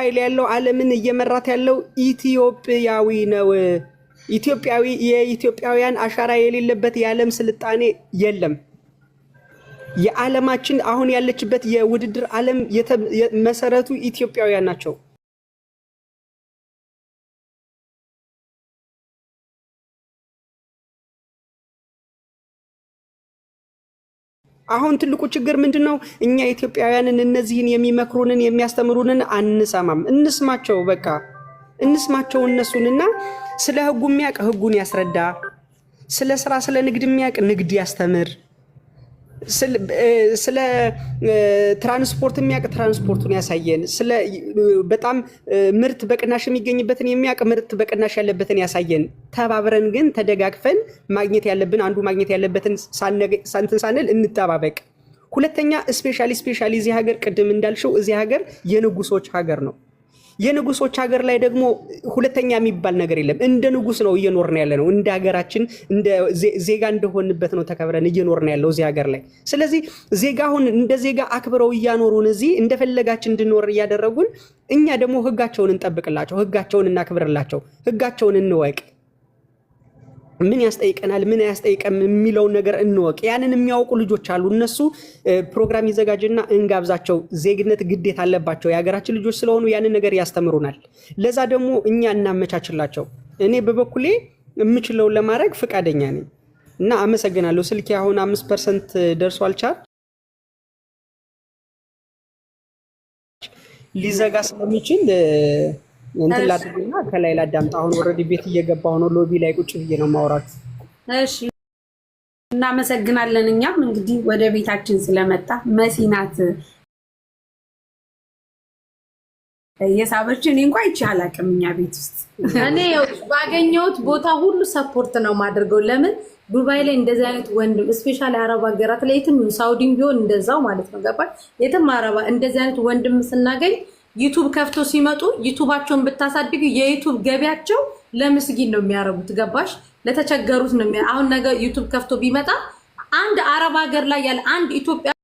ኃይል ያለው ዓለምን እየመራት ያለው ኢትዮጵያዊ ነው። ኢትዮጵያዊ የኢትዮጵያውያን አሻራ የሌለበት የዓለም ስልጣኔ የለም። የዓለማችን አሁን ያለችበት የውድድር ዓለም መሰረቱ ኢትዮጵያውያን ናቸው። አሁን ትልቁ ችግር ምንድን ነው? እኛ ኢትዮጵያውያንን እነዚህን የሚመክሩንን የሚያስተምሩንን አንሰማም። እንስማቸው፣ በቃ እንስማቸው እነሱንና ስለ ህጉ የሚያውቅ ህጉን ያስረዳ፣ ስለ ስራ ስለ ንግድ የሚያውቅ ንግድ ያስተምር። ስለ ትራንስፖርት የሚያውቅ ትራንስፖርቱን ያሳየን። በጣም ምርት በቅናሽ የሚገኝበትን የሚያውቅ ምርት በቅናሽ ያለበትን ያሳየን። ተባብረን ግን ተደጋግፈን ማግኘት ያለብን አንዱ ማግኘት ያለበትን ሳንትን ሳንል እንጠባበቅ። ሁለተኛ ስፔሻሊ ስፔሻሊ እዚህ ሀገር ቅድም እንዳልሽው እዚህ ሀገር የንጉሶች ሀገር ነው። የንጉሶች ሀገር ላይ ደግሞ ሁለተኛ የሚባል ነገር የለም። እንደ ንጉስ ነው እየኖርን ያለ ነው። እንደ ሀገራችን እንደ ዜጋ እንደሆንበት ነው ተከብረን እየኖርን ያለው እዚህ ሀገር ላይ። ስለዚህ አሁን እንደ ዜጋ አክብረው እያኖሩን እዚህ እንደፈለጋችን እንድኖር እያደረጉን፣ እኛ ደግሞ ህጋቸውን እንጠብቅላቸው፣ ህጋቸውን እናክብርላቸው፣ ህጋቸውን እንወቅ። ምን ያስጠይቀናል፣ ምን አያስጠይቀም የሚለውን ነገር እንወቅ። ያንን የሚያውቁ ልጆች አሉ። እነሱ ፕሮግራም ይዘጋጅና እንጋብዛቸው። ዜግነት ግዴታ አለባቸው። የሀገራችን ልጆች ስለሆኑ ያንን ነገር ያስተምሩናል። ለዛ ደግሞ እኛ እናመቻችላቸው። እኔ በበኩሌ የምችለውን ለማድረግ ፈቃደኛ ነኝ እና አመሰግናለሁ። ስልኬ አሁን አምስት ፐርሰንት ደርሶ ቻርጅ ሊዘጋ ስለሚችል እንትን ላድርግና ከላይ ላዳምጣ። አሁን ወረድ ቤት እየገባሁ ነው። ሎቢ ላይ ቁጭ ብዬ ነው ማውራት። እሺ፣ እናመሰግናለን። እኛም እንግዲህ ወደ ቤታችን ስለመጣ መሲናት የሳበችን እንኳ ይቺ አላቅም። እኛ ቤት ውስጥ እኔ ባገኘሁት ቦታ ሁሉ ሰፖርት ነው ማድርገው። ለምን ዱባይ ላይ እንደዚህ አይነት ወንድም እስፔሻሊ አረብ ሀገራት ላይ የትም ሳውዲም ቢሆን እንደዛው ማለት ነው። ገባል የትም አረባ እንደዚህ አይነት ወንድም ስናገኝ ዩቱብ ከፍቶ ሲመጡ ዩቱባቸውን ብታሳድግ የዩቱብ ገቢያቸው ለምስጊን ነው የሚያረጉት። ገባሽ? ለተቸገሩት ነው። አሁን ነገ ዩቱብ ከፍቶ ቢመጣ አንድ አረብ ሀገር ላይ ያለ አንድ ኢትዮጵያ